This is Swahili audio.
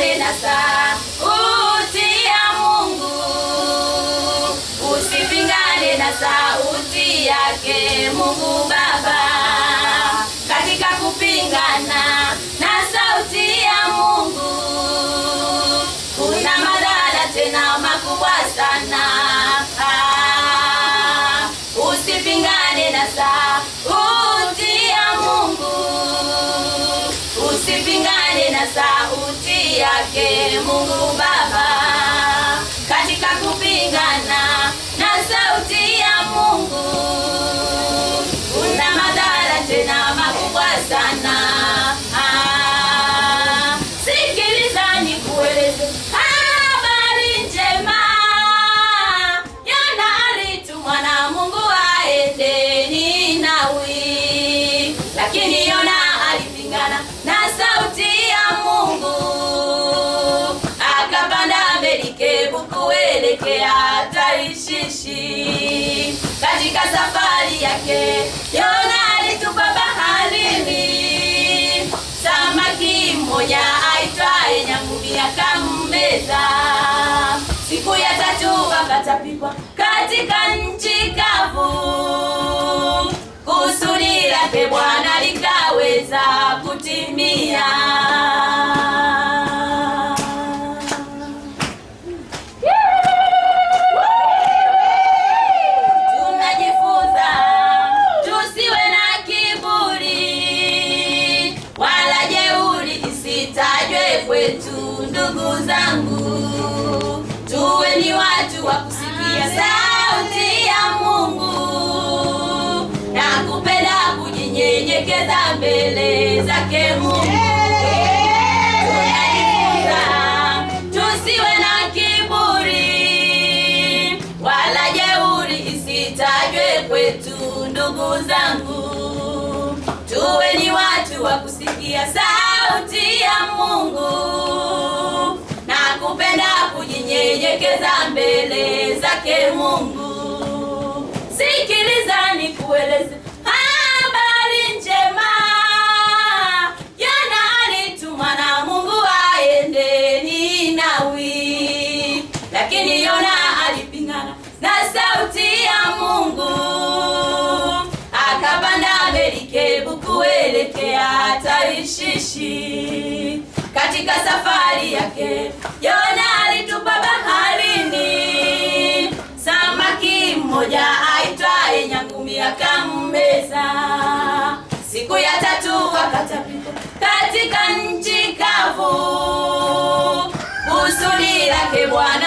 Tuungane na Mungu, usipingane na sauti yake Mungu Baba. Katika kupingana na sauti ya Mungu kuna madhara tena makubwa sana. Usipingane na sauti ya Mungu, usipingane na sauti yake Mungu Baba katika kupingana peke ataishishi katika safari yake. Yona alitupa baharini samaki mmoja aitwaye nyangumi akammeza. Siku ya tatu akatapikwa katika nchi kavu. Kusudi lake Bwana likaweza kutimia. Mungu tusiwe na kiburi wala jeuri isitajwe kwetu. Ndugu zangu, tuwe ni watu wa kusikia sauti ya Mungu na kupenda kujinyenyekeza mbele zake Mungu Siki vishishi. Katika safari yake Yona alitupa baharini samaki mmoja aitwaye nyangumi akammeza. Siku ya tatu wakatapika katika nchi kavu kusudi lake Bwana